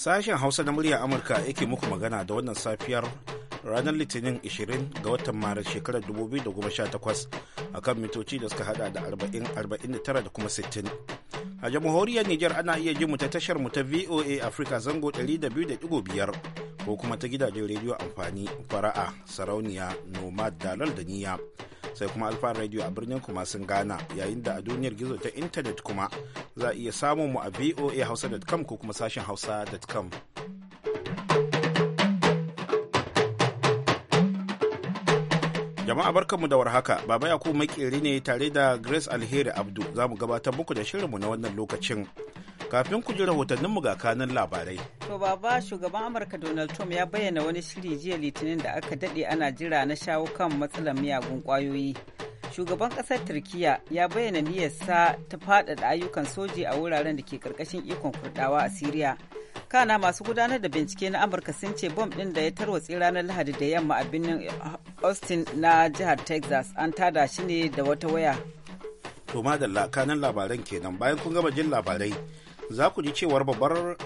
Sashen Hausa na murya Amurka yake muku magana da wannan safiyar ranar Litinin 20 ga watan Maris shekarar 2018 kan mitoci da suka hada da 40-49 da kuma 60. A jamhuriyar Nijar ana iya jin mu ta tashar mu ta VOA Africa zango 200.5 ko kuma ta gidajen rediyo amfani fara'a sarauniya nomad dalal da niya sai kuma alfa radio a birnin kuma sun gana yayin da a duniyar gizo ta intanet kuma za a iya samun mu a voa ko kuma sashen hausa.com jama'a barkanmu da warhaka baba yakubu makeri ne tare da grace alheri abdu za mu gabatar muku da shirinmu na wannan lokacin Kafin ku ji mu ga kanan labarai. To baba shugaban Amurka Donald Trump ya bayyana wani shiri jiya litinin da aka daɗe ana jira na shawo kan matsalar miyagun kwayoyi Shugaban ƙasar Turkiya ya bayyana niyyar Sa ta faɗaɗa ayyukan soji a wuraren da ke ƙarƙashin ikon kurɗawa a Siriya. Kana masu gudanar da bincike na Amurka sun ce bom ɗin da ya tarwatse ranar Lahadi da yamma a birnin Austin na jihar Texas an tada shi ne da wata waya. To madalla kanan labaran kenan bayan kun gama jin labarai za ku ji cewar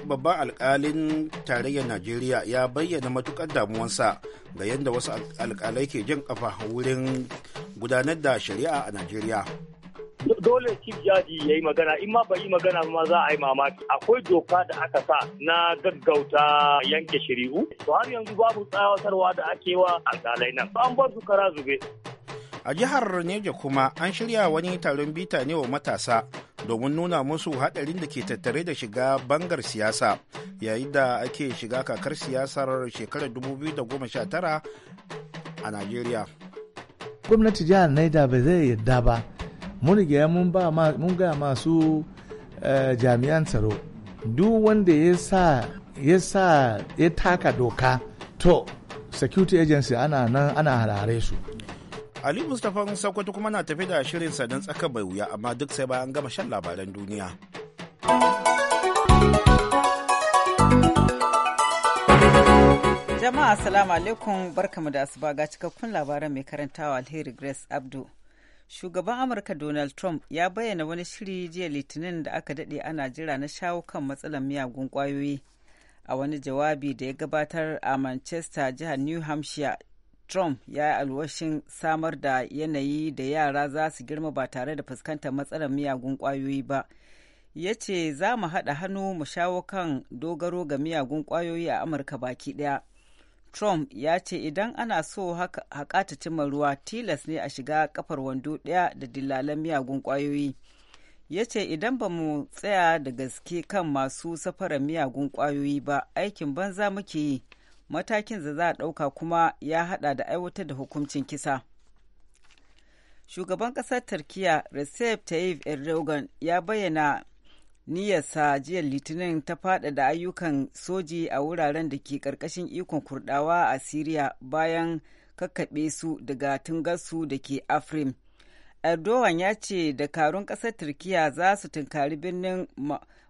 babban alkalin tarayyar najeriya ya bayyana matukar damuwansa ga yadda wasu alkalai ke jin kafa wurin gudanar da shari'a a najeriya dole chief jaji ya yi magana in ma bai yi magana ma za a yi mamaki akwai doka da aka sa na gaggauta yanke shari'u to har yanzu babu tsawatarwa da ake wa alkalai nan an bar su kara zube a jihar neja kuma an shirya wani taron bita ne wa matasa domin nuna musu haɗarin da ke tattare da shiga bangar siyasa yayin da ake shiga kakar siyasar shekarar 2019 a nigeria. Gwamnati jihar Naija ba zai yadda ba, mun gaya mun ba mun ga masu eh, jami'an tsaro. Duk wanda ya sa ya taka doka to security agency ana nan ana harare su Ali Mustapha Sokoto kuma na tafi da shirin sadan tsaka bai wuya amma duk sai bayan gama shan labaran duniya. Jama'a Assalamu alaikum barkamu da asuba ga cikakkun labaran mai karantawa Alheri Grace Abdu. Shugaban Amurka Donald Trump ya bayyana wani shiri jiya Litinin da aka daɗe ana jira na shawo kan matsalar miyagun kwayoyi a wani jawabi da ya gabatar a manchester jihar new hampshire Trump ya yi alwashin samar da yanayi da yara za su girma ba tare da fuskantar matsalar miyagun ƙwayoyi ba. Ya ce za mu haɗa hannu mu shawo kan dogaro ga miyagun ƙwayoyi a Amurka baki ɗaya. Trump ya ce idan ana so haka ta cimma ruwa tilas ne a shiga kafar wando ɗaya da dillalan miyagun ƙwayoyi. Ya ce idan ba mu tsaya da gaske kan masu safarar miyagun ƙwayoyi ba aikin banza muke yi. matakin da za a ɗauka kuma ya haɗa da aiwatar da hukuncin kisa. Shugaban ƙasar Turkiyya Recep Tayyip Erdogan ya bayyana niyyarsa jiya Litinin ta faɗaɗa ayyukan soji a wuraren da ke ƙarƙashin ikon kurɗawa a Siriya bayan kakkaɓe su daga tungarsu da ke Afrim. Erdogan ya ce dakarun ƙasar Turkiyya za su tunkari birnin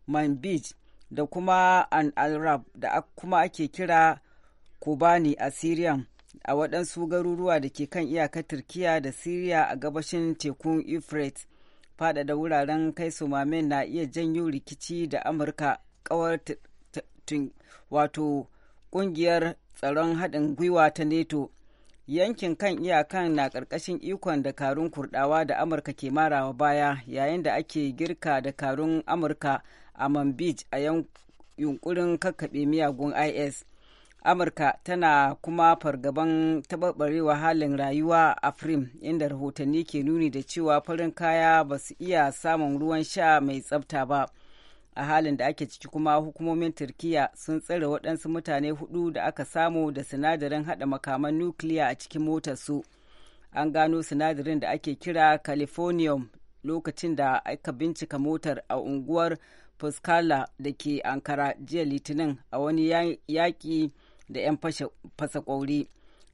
Manbij da kuma an arab da kuma ake kira kobani a syria a waɗansu garuruwa da ke kan iyaka turkiya da syria a gabashin tekun euphrates faɗaɗa wuraren kai sumamen na iya janyo rikici da amurka kawar wato ƙungiyar tsaron haɗin gwiwa ta NATO, yankin kan iyakan na ƙarƙashin ikon dakarun kurɗawa da amurka ke marawa baya yayin da ake girka dakarun amurka a manbij a yunƙurin kakkaɓe miyagun is amurka tana kuma fargaban taɓarɓarewa halin rayuwa a frim inda rahotanni ke nuni da cewa farin kaya ba su iya samun ruwan sha mai tsafta ba a halin da ake ciki kuma hukumomin Turkiyya sun tsare waɗansu mutane hudu da aka samu da sinadarin haɗa makaman nukiliya a cikin motarsu an gano sinadarin da ake kira californium lokacin da aka bincika motar a unguwar fuskala da ke ankara jiya litinin a wani yaƙi da 'yan fasa kwauri.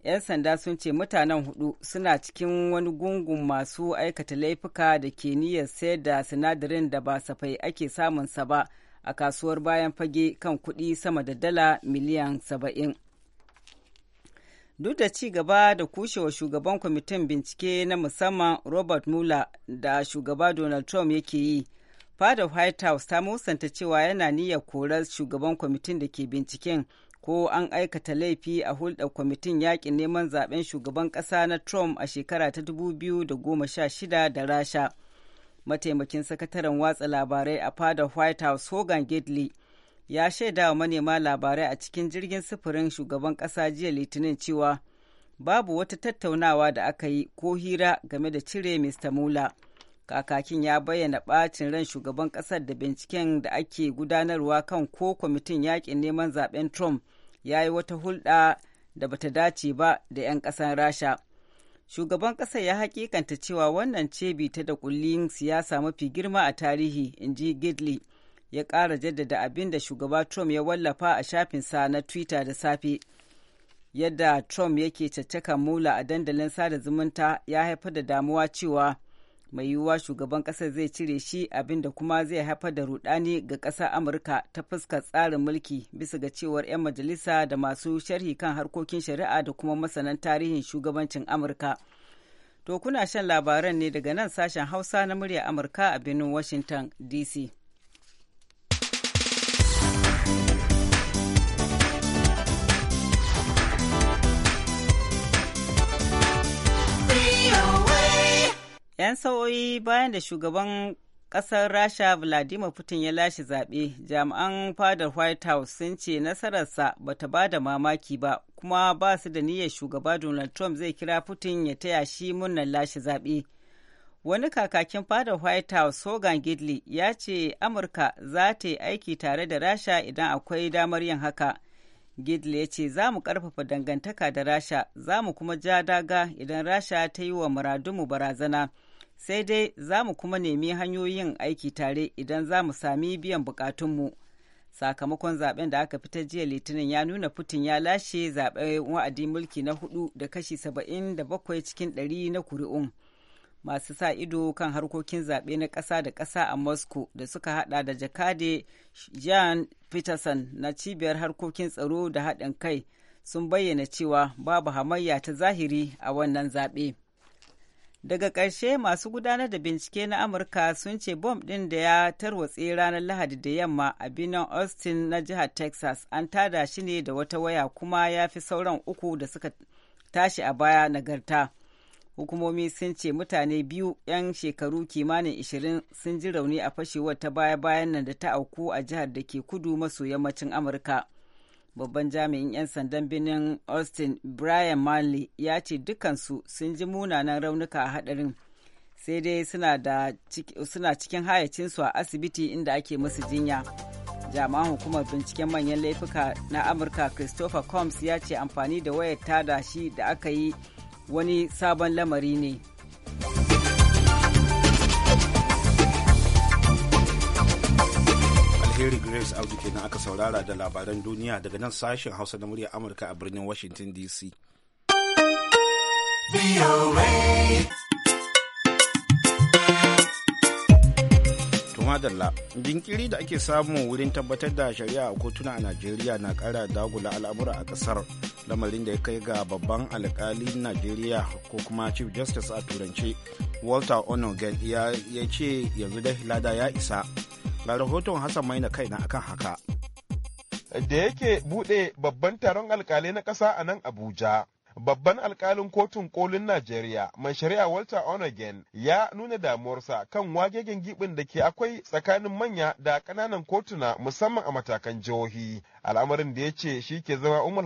'Yan sanda sun ce mutanen hudu suna cikin wani gungun masu aikata laifuka da ke niyyar sayar da sinadarin da ba safai ake samunsa ba a kasuwar bayan fage kan kuɗi sama da dala miliyan saba'in. duk da ci gaba da kushewa shugaban kwamitin bincike na musamman robert mueller da shugaba donald trump yake yi fadar white house ta musanta cewa yana niyyar korar shugaban kwamitin da ke binciken ko an aikata laifi a hulɗar kwamitin yaƙin neman zaben shugaban ƙasa na Trump a shekara ta 2016 da Rasha. Mataimakin sakataren watsa labarai a fadar White House Hogan Gidley ya shaida wa manema labarai a cikin jirgin sufurin shugaban ƙasa jiya Litinin cewa babu wata tattaunawa da aka yi ko hira game da cire Mr. Mueller. kakakin ya bayyana ɓacin ran shugaban ƙasar da binciken da ake gudanarwa kan ko kwamitin yakin neman zaben trump ya yi wata hulɗa da bata dace ba da 'yan ƙasar rasha shugaban ƙasar ya hakikanta cewa wannan ce bita da kullin siyasa mafi girma a tarihi in ji gidley ya ƙara jaddada abin da shugaba trump ya wallafa a shafinsa na twitter da safe yadda trump yake caccaka mula a dandalin sada zumunta ya haifar da damuwa cewa mai yiwuwa shugaban ƙasar zai cire shi abinda kuma zai haifar da rudani ga ƙasar amurka ta fuskar tsarin mulki bisa ga cewar 'yan majalisa da masu sharhi kan harkokin shari'a da kuma masanan tarihin shugabancin amurka to kuna shan labaran ne daga nan sashen hausa na murya amurka a birnin washington dc 'Yan sa'o'i bayan da shugaban kasar Rasha Vladimir Putin ya lashe zaɓe, jami'an fadar White House sun ce nasararsa ba ta ba da mamaki ba, kuma ba su da niyyar shugaba Donald Trump zai kira Putin ya taya shi murnar lashe zaɓe. Wani kakakin fadar White House Hogan Gidley ya ce Amurka za ta yi aiki tare da Rasha idan akwai damar yin haka. Gidley ya ce za mu ƙarfafa dangantaka da Rasha, za mu kuma ja daga idan Rasha ta yi wa muradunmu barazana. sai dai za mu kuma nemi hanyoyin aiki tare idan za mu sami biyan bukatunmu sakamakon zaben da aka fitar jiya litinin ya nuna putin ya lashe zaɓe wa'adi mulki na hudu da kashi saba'in da bakwai cikin ɗari na kuri'un masu sa ido kan harkokin zaɓe na ƙasa da ƙasa a moscow da suka hada da jakade jan peterson na cibiyar harkokin tsaro da haɗin kai sun bayyana cewa babu hamayya ta zahiri a wannan zaɓe. daga ƙarshe masu gudanar da bincike na amurka sun ce bom ɗin da ya tarwatse ranar lahadi da yamma a binan austin na jihar texas an tada shi ne da wata waya kuma ya fi sauran uku da suka tashi a baya nagarta hukumomi sun ce mutane biyu 'yan shekaru kimanin 20 sun ji rauni a fashewar ta baya-bayan nan da ta auku a jihar da ke kudu maso yammacin amurka babban jami'in 'yan sandan birnin austin brian marley ya ce dukansu sun ji munanan raunuka a hadarin sai dai suna cikin hayacinsu a asibiti inda ake musu jinya jami'an hukumar binciken manyan laifuka na amurka christopher combs ya ce amfani da wayar tada shi da aka yi wani sabon lamari ne. jerry grace audu kenan aka saurara da labaran duniya daga nan sashen hausa na murya amurka a birnin washington dc madalla jinkiri da ake samu wurin tabbatar da shari'a a kotuna a najeriya na kara dagula al'amura a kasar lamarin da ya kai ga babban alkalin najeriya ko kuma chief justice a turance walter onogan ya ce yanzu da lada ya isa Ga rahoton Hassan Maina kaina akan haka. Da yake buɗe babban taron alkalai na ƙasa a nan Abuja. Babban alkalin kotun kolin Najeriya, mai shari'a Walter Onogen, ya nuna damuwarsa kan wagegen gibin da ke akwai tsakanin manya da ƙananan kotuna musamman a matakan jihohi. Al'amarin da ya ce shi ke zama umar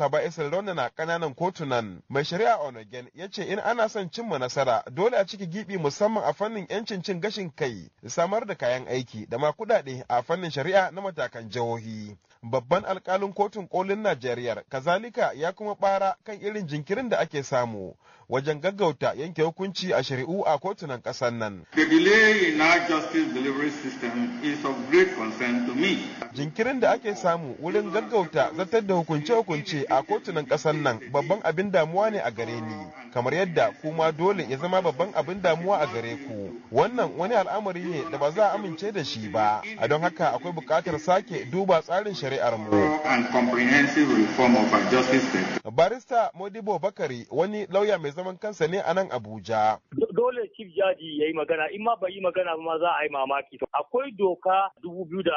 launa na ƙananan kotunan. Mai shari'a Onogen ya ce in ana son cimma nasara dole a ciki gibi musamman a fannin 'yancin cin gashin kai, samar da kayan aiki da ma kuɗaɗe a fannin shari'a na matakan jihohi. babban alkalin kotun kolin Najeriya kazalika ya kuma bara kan irin jinkirin da ake samu wajen gaggauta yanke hukunci a shari'u a kotunan ƙasar nan. Jinkirin da ake samu wurin gaggauta zartar da hukunce-hukunce a kotunan ƙasar nan babban abin damuwa ne a gare ni, kamar yadda kuma dole ya zama babban abin damuwa a gare ku. Wannan wani al'amari ne da ba za a amince da shi ba, a don haka akwai bukatar sake duba tsarin shari'a shari'ar mu. Barista Modibo Bakari wani lauya mai zaman kansa ne a nan Abuja. dole chief jaji ya yi magana in ma bai yi magana ba za a yi mamaki to akwai doka dubu biyu da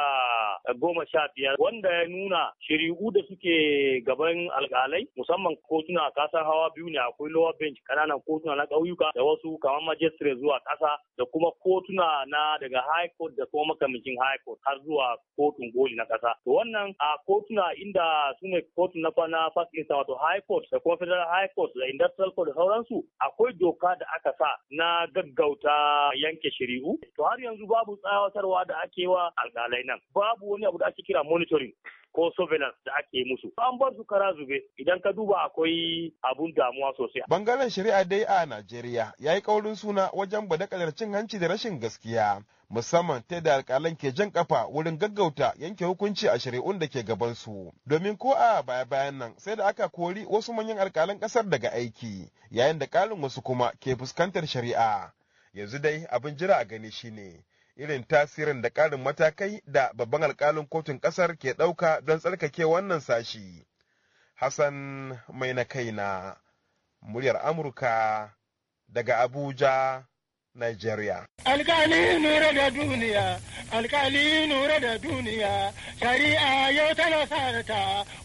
goma sha biyar wanda ya nuna shari'u da suke gaban alkalai musamman kotuna kasar hawa biyu ne akwai lower bench kananan kotuna na kauyuka da wasu kamar majistare zuwa ƙasa da kuma kotuna na daga high court da kuma makamancin high court har zuwa kotun goli na ƙasa to wannan a kotuna inda su ne kotun na kwana first instance wato high court da kuma federal high court da industrial court da sauransu akwai doka da aka sa na gaggauta yanke shari'u to har yanzu babu tsawatarwa da ake wa alkalai nan babu wani abu da ake kira monitoring ko surveillance da ake musu an bar su kara zube idan ka duba akwai abun damuwa sosai bangaren shari'a dai a Najeriya yayi kaurin suna wajen badakalar cin hanci da rashin gaskiya musamman ta da alƙalan ke jan kafa wurin gaggauta yanke hukunci a shari'un da ke gabansu domin ko a baya bayan nan sai da aka kori wasu manyan alƙalan ƙasar daga aiki yayin da ƙarin wasu kuma ke fuskantar shari'a yanzu dai abin jira a gani shine irin tasirin da ƙarin matakai da babban alƙalin kotun ƙasar ke ɗauka don tsarkake wannan sashi hassan mai na kaina muryar amurka daga abuja Nigeria. Alkali nura da duniya, alkali nura da duniya, shari'a yau tana sa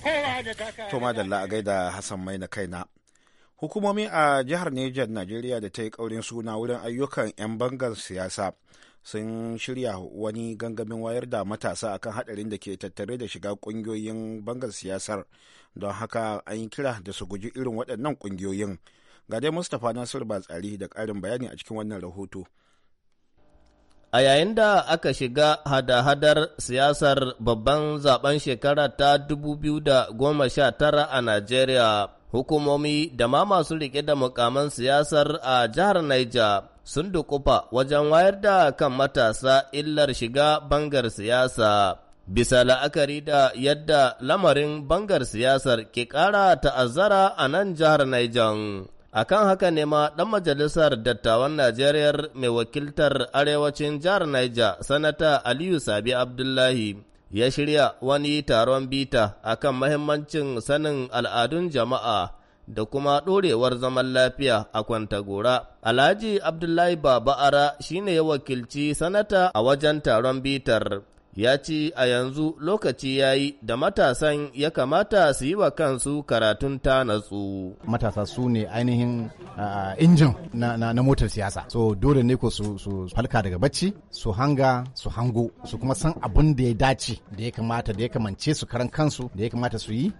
kowa da ta Toma da la'agai da Hassan mai na kaina. Hukumomi a jihar Niger Najeriya da ta yi ƙaurin suna wurin ayyukan 'yan bangar siyasa sun shirya wani gangamin wayar da matasa akan hadarin da ke tattare da shiga ƙungiyoyin bangar siyasar don haka an yi kira da su guji irin waɗannan ƙungiyoyin. Ga dai Mustapha Nasiru tsari da ƙarin bayani a cikin wannan rahoto. A yayin da aka shiga hada-hadar siyasar babban zaben shekara ta 2019 a Najeriya, hukumomi da ma masu riƙe da mukaman siyasar a jihar Niger sun dukufa wajen wayar da kan matasa illar shiga bangar siyasa. Bisa la'akari da yadda lamarin bangar siyasar ke ƙara ta'azzara a nan jihar Niger. A kan haka ne ma ɗan majalisar dattawan Najeriya mai wakiltar arewacin jihar Niger, Sanata Aliyu Sabi Abdullahi, ya shirya wani taron bita a kan mahimmancin sanin al'adun jama'a da kuma ɗorewar zaman lafiya a Kwantagora. Alhaji Abdullahi Baba'ara shi ne ya wakilci Sanata a wajen taron bitar. ya ce a yanzu lokaci ya yi da matasan ya kamata su yi wa kansu karatun ta natsu. Matasa su ne ainihin injin na, motar siyasa. So dole ne ko su, falka daga bacci, su hanga, su hango, su kuma san abin da ya dace da ya kamata da ya kamance su karan kansu da ya kamata su yi.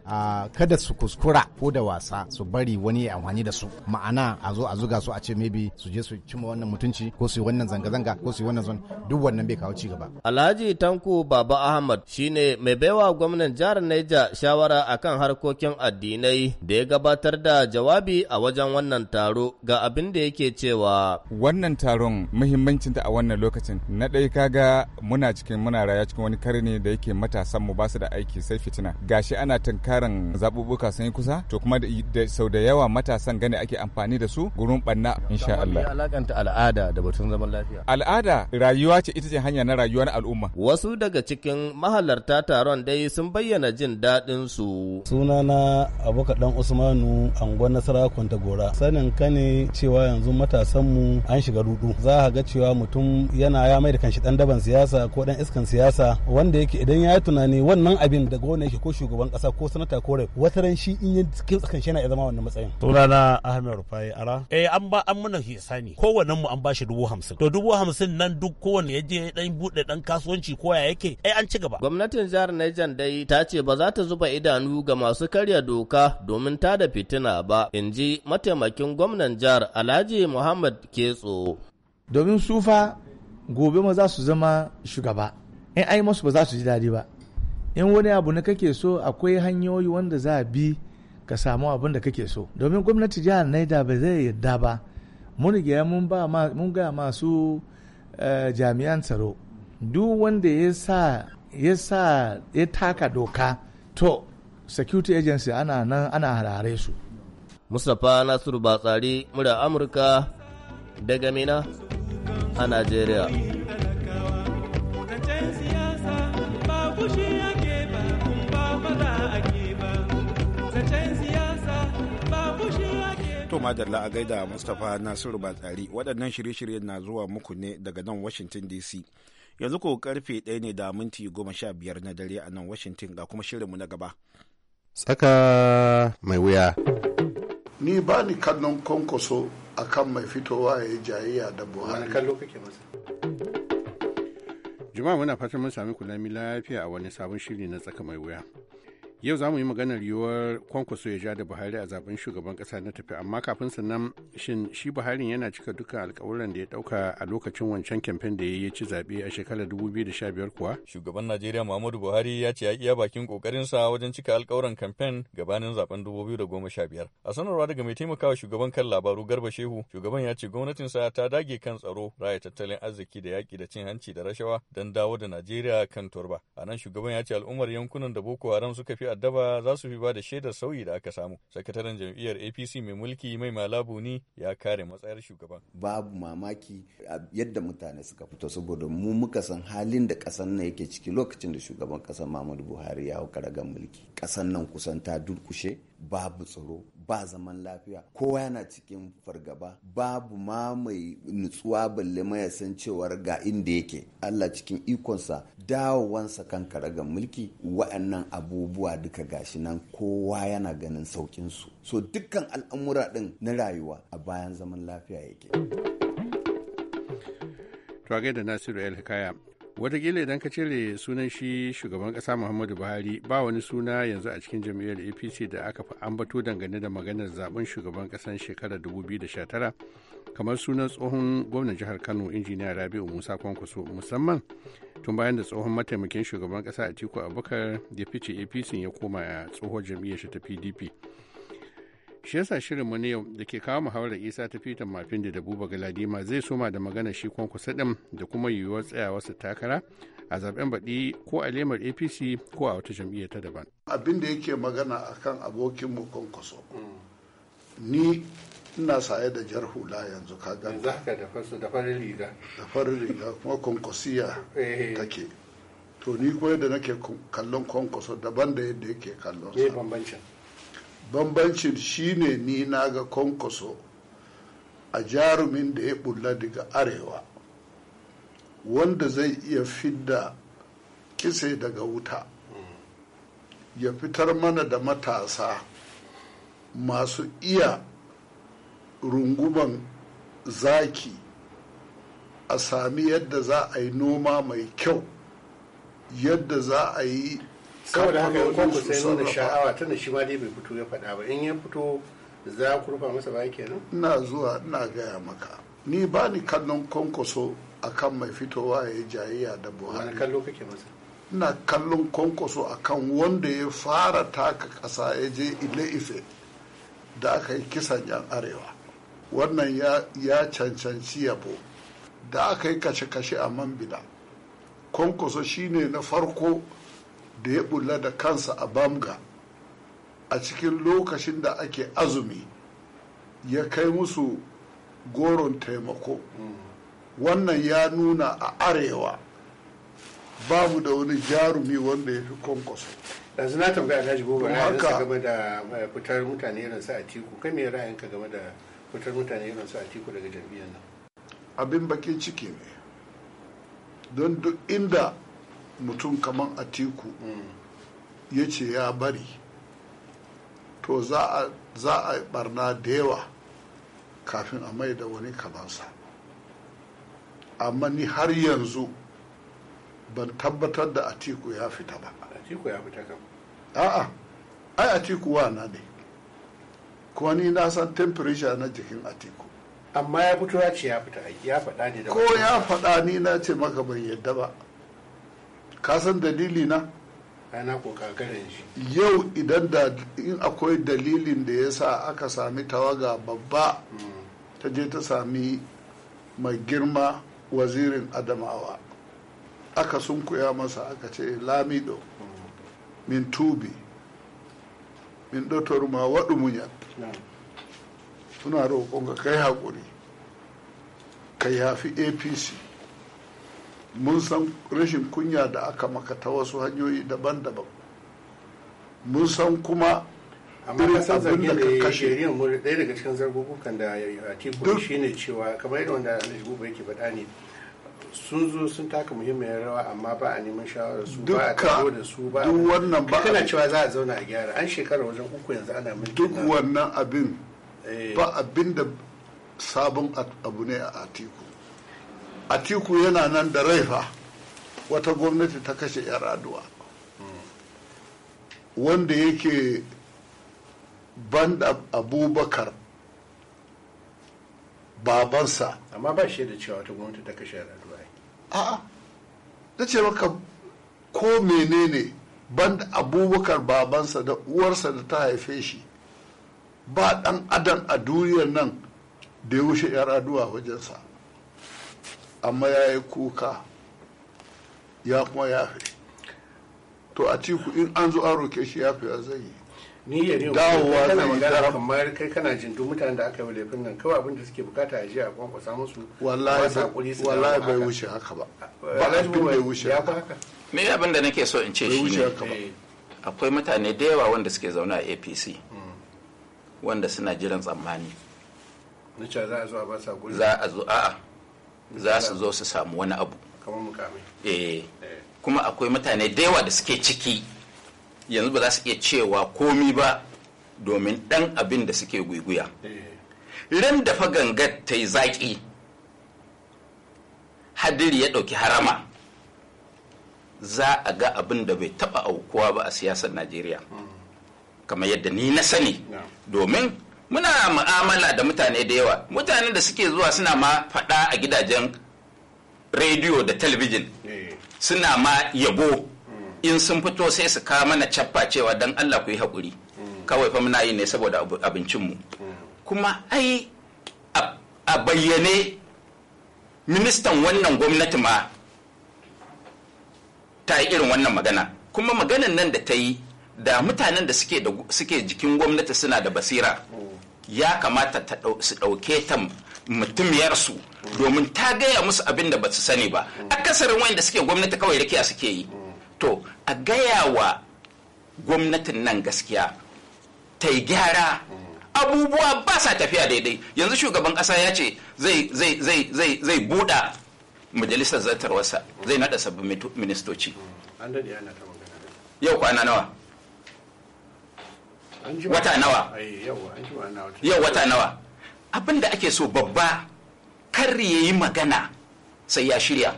kada su kuskura ko da wasa su bari wani ya amfani da su. Ma'ana a zo a zuga su a ce maybe su je su cimma wannan mutunci ko su yi wannan zanga-zanga ko su yi wannan zon duk wannan bai kawo ci gaba. Alhaji Tanko Tanko Baba Ahmad shine mai baiwa gwamnan jihar Neja shawara akan harkokin addinai da ya gabatar da jawabi a wajen wannan taro ga abin da yake cewa. Wannan taron muhimmancinta a wannan lokacin na ɗaya kaga muna cikin muna raya cikin wani karni da yake matasan mu basu da aiki sai fitina. Gashi ana tunkaran zaɓuɓɓuka sun yi kusa to kuma da sau da yawa matasan gane ake amfani da su gurin ɓanna insha Allah. al'ada da batun zaman lafiya. Al'ada rayuwa ce ita ce hanya na rayuwar al'umma. Wasu daga cikin mahalarta taron dai sun bayyana jin daɗin su. Sunana Abuka Dan Usmanu Angon Nasara gora. Sanin ka ne cewa yanzu matasanmu an shiga rudu. Za a ga cewa mutum yana ya mai da kanshi dan daban siyasa ko dan iskan siyasa wanda yake idan ya yi tunani wannan abin da gona yake ko shugaban kasa ko sanata ko rai wata ran shi in yi tsakan shi yana ya zama wannan matsayin. Sunana Ahmed Rufai Ara. Eh an ba an muna hisani. Kowannen mu an ba shi dubu hamsin. To dubu hamsin nan duk kowanne ya je dan buɗe dan kasuwanci ko ya yake ai an ci gaba gwamnatin jihar Niger dai ta ce ba za ta zuba idanu ga masu karya doka domin ta da fitina ba in ji mataimakin gwamnan jihar Alhaji Muhammad Ketso domin sufa gobe ma za su zama shugaba in ai masu ba za su ji daɗi ba in wani abu na kake so akwai hanyoyi wanda za a bi ka samu abin da kake so domin gwamnati jihar Niger ba zai yarda ba mun riga mun ba mun ga masu eh, jami'an tsaro duk wanda ya sa ya taka doka to security agency ana nan ana harare su mustapha nasiru batsari mura amurka daga mina a nigeria To madalla a gaida Mustapha Nasiru Batsari waɗannan shirye-shiryen na zuwa muku ne daga nan Washington DC. yanzu ko karfe ɗaya ne da minti goma sha biyar na dare a nan washington ga kuma shirinmu na gaba tsaka mai wuya ni ba ni kallon kwankwaso a kan mai fitowa ya yi jayayya da buhari juma'a muna fatan mun sami kula lafiya a wani sabon shiri na tsaka mai wuya Yau za mu yi maganar yiwuwar kwankwaso ya ja da Buhari a zaben shugaban kasa na tafi amma kafin sannan shin shi Buhari yana cika dukkan alkawuran da ya dauka a lokacin wancan kamfen da ya yi ci zaɓe a shekarar 2015 kuwa? Shugaban Najeriya Muhammadu Buhari ya ce ya iya bakin kokarinsa wajen cika alkawuran kamfen gabanin zaben da 2015. A sanarwa daga mai taimakawa shugaban kan labaru Garba Shehu, shugaban ya ce sa ta dage kan tsaro, raya tattalin arziki da yaƙi da cin hanci da rashawa don dawo da Najeriya kan torba A nan shugaban ya ce al'ummar yankunan da Boko Haram suka fi addaba za su fi ba da shaidar sauyi da aka samu. Sakataren jam'iyyar APC mai mulki mai malabu ni ya kare matsayar shugaban. Babu mamaki yadda mutane suka fito saboda mu muka san halin da ƙasan nan yake ciki lokacin da shugaban ƙasar mamadu Buhari ya hau karagan mulki. ƙasan nan kusan ta durkushe. babu tsaro ba zaman lafiya kowa yana cikin fargaba babu ma mai nutsuwa balle ma ya san cewar ga inda yake Allah cikin ikonsa dawowansa kan karagar mulki wa'annan abubuwa duka gashi nan kowa yana ganin saukin su so dukkan al'amura din na rayuwa a bayan zaman lafiya yake. Tuwa da Nasiru El watakila idan ka cire sunan shi shugaban kasa muhammadu buhari ba wani suna yanzu a cikin jam'iyyar apc da aka fi ambato dangane da maganar zaben shugaban kasan shekarar 2019 kamar sunan tsohon gwamnan jihar kano injiniya rabi'u musa kwankwaso musamman tun bayan da tsohon mataimakin shugaban kasa atiku abubakar ya fice apc ya koma a tsohon jam'iyyar shi ta pdp Shi yasa shirin na yau da ke kawo muhawarar Isa ta fitan mafin da Buba Galadima zai soma da magana shi kwankwasa ɗin da kuma yiwuwar su takara a zaben baɗi ko a lemar APC ko a wata jam'iyyar ta daban. Abin da yake magana a akan abokinmu kwankwaso. Mm. Ni ina saye da jar hula yanzu ka gan za ka da fasu da farin riga da farin riga kuma eh. take to ni ko da nake kallon kwankwaso daban da yadda yake kallon sa bambancin shine ni na ga kwankwaso a jarumin da ya bulla daga arewa wanda zai iya fidda kise daga wuta ya fitar mana da matasa masu iya runguban zaki a sami yadda za a yi noma mai kyau yadda za a yi saboda haka ko ku sai nuna sha'awa da shi ma dai bai fito ya faɗa ba in ya fito za ku rufa masa baya kenan ina zuwa ina gaya maka ni ba ni kallon kwankwaso akan mai fitowa ya yi jayayya da buhari wani kallo kake masa ina kallon kwankwaso akan wanda ya fara taka ƙasa ya je ile ife da aka yi kisan yan arewa wannan ya cancanci yabo da aka yi kashe-kashe a man bida kwankwaso shine na farko da ya bulla da kansa a bamga a cikin lokacin da ake azumi ya kai musu goron taimako wannan ya nuna a arewa babu da wani jarumi wanda ya fi kwankwaso yanzu na tambaya alhaji gobe ra'ayinsa game da eh, fitar mutane irin su tiku kai mai ra'ayinka game da fitar mutane irin su tiku daga jam'iyyar nan abin bakin ciki ne don duk inda mutum kamar atiku ya ce ya bari to za a barna da yawa kafin a mai da wani kamansa amma ni har yanzu ban tabbatar da atiku ya fita ba atiku ya fita kam a'a ai atiku wa na ne kuma ni na san temperature na jikin atiku amma ya fito ya ce ya fita ya faɗa ne da ko ya faɗa ni na ce maka ban yadda ba ka san dalili na yau idan da in akwai dalilin da ya sa aka sami tawaga babba ta je ta sami mai girma wazirin adamawa aka sunkuya masa aka ce lamido min tubi min dotor ma waɗu munya suna roƙon ka kai haƙuri ka yafi apc mun san rashin kunya da aka maka ta wasu hanyoyi daban-daban mun san kuma amma san zargin da ya yi ɗaya daga cikin zargukukan da atiku shi ne cewa kamar yadda wanda alhaji guba yake faɗa ne sun zo sun taka muhimmiyar rawa amma ba a neman shawarar su ba a kawo da su ba duk wannan ba kana cewa za a zauna a gyara an shekara wajen uku yanzu ana mun duk wannan abin eh. ba abin da sabon abu ne a atiku atiku yana nan da raifa wata gwamnati ta kashe 'yar aduwa wanda yake banda abubakar babansa amma ba shi da cewa wata gwamnati ta kashe 'yar aduwa a'a ta ce maka ko menene banda abubakar babansa da uwarsa da ta haife shi ba dan adam a duniyar nan da ya wuce 'yar aduwa wajensa amma ya yi kuka ya kuma ya fi to a tiku in an zo an roke shi fi a zai yi ni ya ne dawowa kana magana kamar kai kana jin duk mutanen da aka yi laifin nan kawai abin da suke bukata a jiya kuma kwasa musu wallahi wallahi bai wuce haka ba ba abin bai wuce haka me abin da nake so in ce shi ne akwai mutane da yawa wanda suke zaune a APC mm. wanda suna jiran tsammani za a zo a ba sa za a zo a'a za su zo su samu wani abu eh. eh kuma akwai mutane da yawa da suke ciki yanzu ba za su iya cewa komi ba domin ɗan abin da suke guiguya eh. ran da fa gangar ta yi zaƙi hadiri ya ɗauki harama za a ga abin da bai taɓa aukuwa ba a siyasar najeriya hmm. kamar yadda ni na sani domin muna mu'amala da mutane da yawa mutane da suke zuwa suna ma faɗa a gidajen rediyo da talabijin eh. suna ma yabo in sun fito sai su kawo mana cappa cewa don allah ku yi haƙuri hmm. kawai fa muna yi ne saboda abincinmu hmm. kuma ai a bayyane ministan wannan gwamnati ma ta yi irin wannan magana kuma maganan nan da ta yi da mutanen da suke jikin gwamnati suna da basira hmm. ya kamata su ɗauke ta mutumiyarsu domin ta gaya musu abin da ba su sani ba akasarin wayanda suke gwamnati kawai rikiya suke yi to a gaya wa gwamnatin nan gaskiya ta yi gyara abubuwa ba sa tafiya daidai yanzu shugaban ƙasa ya ce zai buɗa majalisar zartarwarsa zai naɗa sabbin ministoci yau kwana nawa wata nawa yau wata nawa abin da ake so babba kar ya yi magana sai ya shirya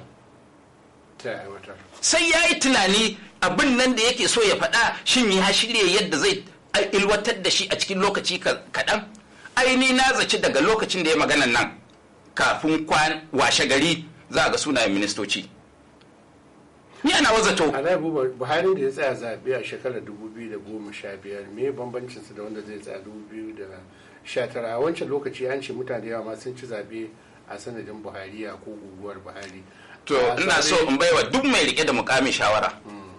sai ya yi tunani abin nan da yake so ya faɗa shin ya shirya yadda zai ilwatar da shi a cikin lokaci kaɗan aini na zaci daga lokacin da ya maganan nan kafin washe gari za a ga sunayen ministoci ni ana a alai buhari da ya tsaya zaɓe a shekarar 2015 me bambancin su da wanda zai tsaya 2019 a wancan lokaci an ce mutane yawa ma sun ci zaɓe a sanadin buhari ko guguwar buhari to ina so in baiwa duk mai rike da mukamin shawara hmm.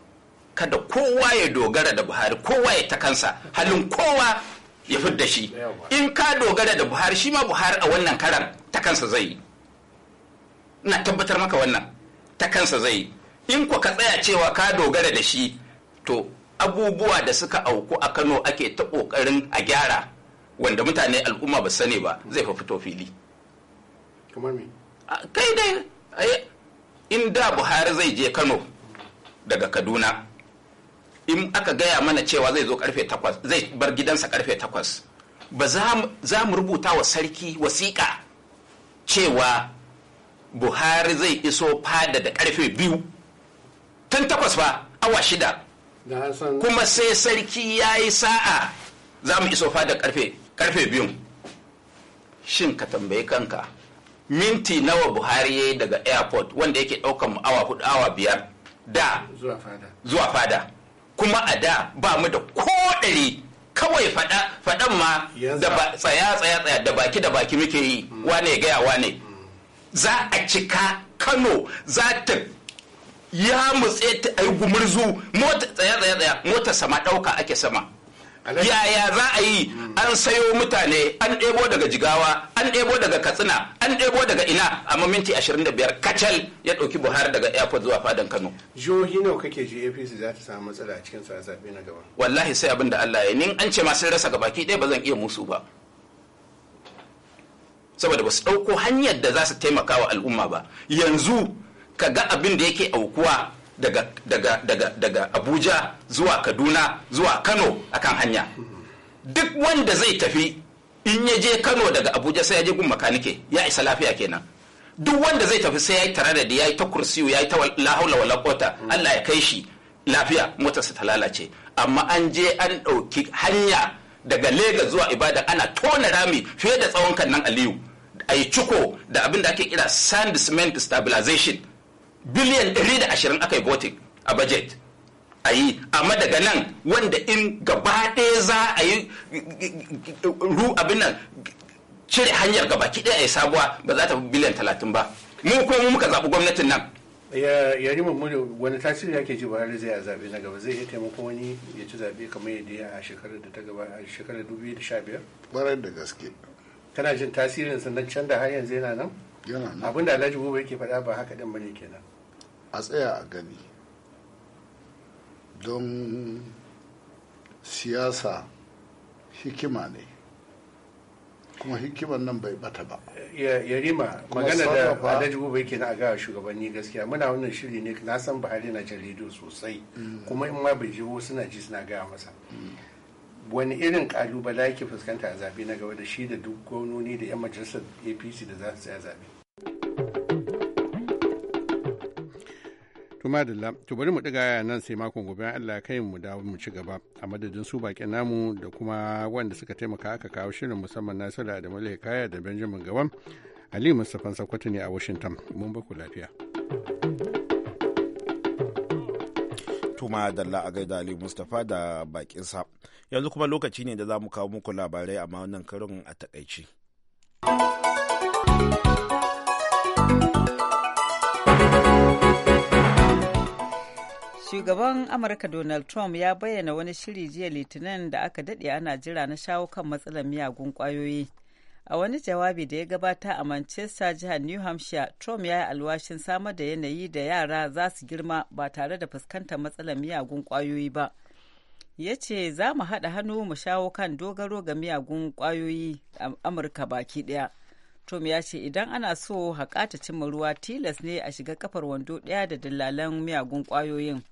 kada kowa ya dogara da buhari kowa ya ta kansa halin kowa ya fidda shi in ka dogara da buhari shi ma buhari a wannan karan ta kansa zai yi ina tabbatar maka wannan ta kansa zai yi in ku ka tsaya cewa ka dogara da shi to abubuwa da suka auku a kano ake ta ƙoƙarin a gyara wanda mutane al'umma ba sani ba zai fa fito fili kamar me kai dai in da buhari zai je kano daga kaduna in aka gaya mana cewa zai zo karfe takwas zai bar gidansa karfe takwas ba za mu rubuta wa sarki wasiƙa cewa buhari zai iso fada da karfe biyu tun takwas ba, awa shida kuma sai sarki ya yi sa'a za mu iso fada karfe karfe biyun shin ka tambayi kanka minti nawa buhari ya yi daga airport wanda yake ɗaukan mu awa hudu awa biyar da zuwa fada kuma a da ba mu da ko ɗari kawai faɗan ma da tsaya tsaya tsaya da baki da baki muke yi mm. wane gaya wane mm. za a cika kano za ta ya mutse ta ai gumurzu mota tsaya tsaya tsaya mota sama dauka ake sama yaya za a yi an sayo mutane an ɗebo daga jigawa an ɗebo daga katsina an ɗebo daga ina a minti 25 kacal ya ɗauki buhari daga airport zuwa fadan kano jihohi nawa kake ji apc za ta samu matsala a cikin sa zaɓe na gaba wallahi sai abin da allah ya ni an ce ma sun rasa gabaki ɗaya ba zan iya musu ba saboda ba su ɗauko hanyar da za su taimaka wa al'umma ba yanzu ka ga abin da yake aukuwa daga, abuja zuwa kaduna zuwa kano akan hanya duk wanda zai tafi in ya je kano daga abuja sai ya je gun makanike ya isa lafiya kenan duk wanda zai tafi sai ya yi tare da ya yi ta kursiyu ya yi ta lahaula wala kota allah ya kai shi lafiya motarsa ta lalace amma an je an ɗauki hanya daga Legas zuwa Ibadan ana tona rami fiye da tsawon kan nan Aliyu a yi ciko da abin da ake kira sand cement stabilization biliyan 120 aka yi voting a budget a yi amma daga nan wanda in gaba ɗaya za a yi ru abin nan cire hanyar gaba ki ɗaya a yi sabuwa ba za ta fi biliyan 30 ba mu kuma mu muka zaɓi gwamnatin nan ya yi mummuni wani tasiri yake ji ba zai zaɓe na gaba zai iya taimako wani ya ci zaɓe kamar yadda ya a shekarar da ta gaba a shekarar 2015 barar da gaske kana jin tasirin sannan can da har yanzu yana nan yana nan abinda alhaji gobe yake faɗa ba haka ɗin bane kenan a tsaya a gani don siyasa hikima ne kuma hikiman nan bai bata ba yarima magana da alhaji gobe yake na ga shugabanni gaskiya muna wannan shiri ne na san buhari na jaridu sosai mm. kuma in ma bai jiwo suna ji suna gaya masa mm. wani irin kalubala yake fuskanta a zabe na gaba da shi da duk gwamnoni da yan majalisar apc da za su tsaya zabe Tuma da to bari mu ɗiga nan sai makon gobe Allah kai mu dawo mu ci gaba a madadin su bakin namu da kuma wanda suka taimaka aka kawo shirin musamman Nasiru Adamu Lekaya da Benjamin Gawan Ali Mustapha sakwata ne a Washington mun ba ku lafiya. Tuma la a gaida Ali Mustapha da bakinsa. Yanzu kuma lokaci ne da za mu kawo muku labarai amma wannan karin a takaici. Shugaban Amurka Donald Trump ya bayyana wani shiri jiya Litinin da aka daɗe ana jira na shawo kan matsalar miyagun ƙwayoyi. A wani jawabi da ya gabata a Manchester jihar New Hampshire, Trump ya yi alwashin samar da yanayi da yara za su girma ba tare da fuskantar matsalar miyagun ƙwayoyi ba. Ya ce za mu haɗa hannu mu shawo kan dogaro ga miyagun ƙwayoyi a Amurka baki ɗaya. Trump ya ce idan ana so haƙa ta cimma ruwa tilas ne a shiga kafar wando ɗaya da dillalan miyagun ƙwayoyin.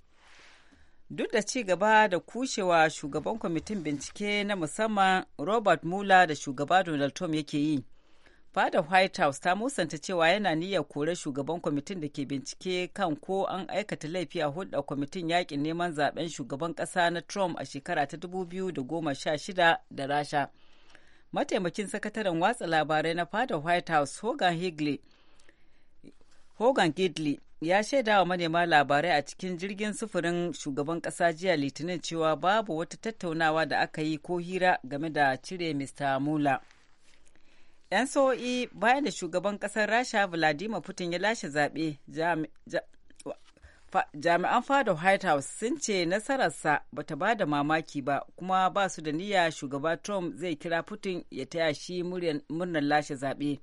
duk da ci gaba da kushewa shugaban kwamitin bincike na musamman robert mueller da shugaba donald trump yake yi fadar white house ta musanta cewa yana niyyar kore shugaban kwamitin da ke bincike kan ko an aikata laifi a hulɗa kwamitin yakin neman zaben shugaban ƙasa na trump a shekara ta 2016 da rasha mataimakin sakataren watsa labarai na fadar white house hogan gidley ya shaida wa manema labarai a cikin jirgin sufurin shugaban kasa jiya litinin cewa babu wata tattaunawa da aka yi ko hira game da cire mr mula yan sa'o'i bayan da shugaban kasar rasha vladimir putin ya lashe zaɓe jami'an fada white house sun ce nasararsa bata ba da mamaki ba kuma ba su da niyya shugaba trump zai kira putin ya taya shi murnar lashe zaɓe.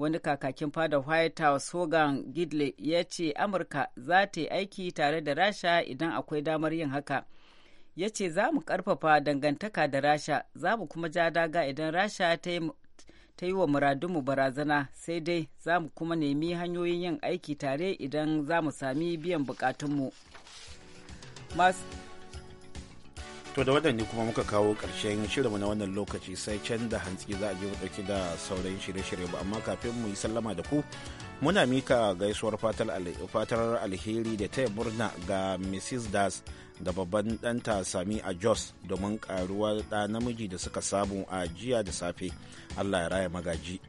wani kakakin fada white house hogan gidley ya ce amurka za ta yi aiki tare da rasha idan akwai damar yin haka ya ce za mu karfafa dangantaka da rasha za mu kuma ja daga idan rasha ta yi wa muradunmu barazana sai dai za mu kuma nemi hanyoyin yin aiki tare idan za mu sami biyan bukatunmu to da wannan kuma muka kawo ƙarshen shirinmu na wannan lokaci sai can da hantsi za a je ɗauki da saurayin shirye-shirye ba amma kafin mu yi sallama da ku muna mika gaisuwar fatar alheri da taya murna ga mrs das da babban danta sami a jos domin karuwar da namiji da suka samu a jiya da safe allah ya raya magaji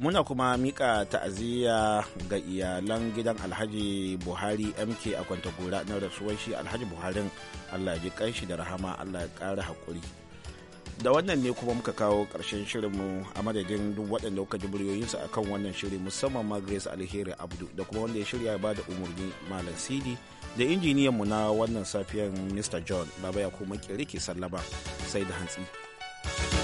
muna kuma mika ta'aziyya ga iyalan gidan alhaji buhari mk a kwantagora na rasuwar shi alhaji buharin allah ji kanshi da rahama allah ya kara haƙuri da wannan ne kuma muka kawo ƙarshen shirinmu a madadin duk waɗanda kuka ji muryoyinsu a kan wannan shirin musamman ma grace alheri abdu da kuma wanda ya shirya ba da umarni malam sidi da injiniyanmu na wannan safiyan mr john baba ya kuma ke sallaba sai da hantsi.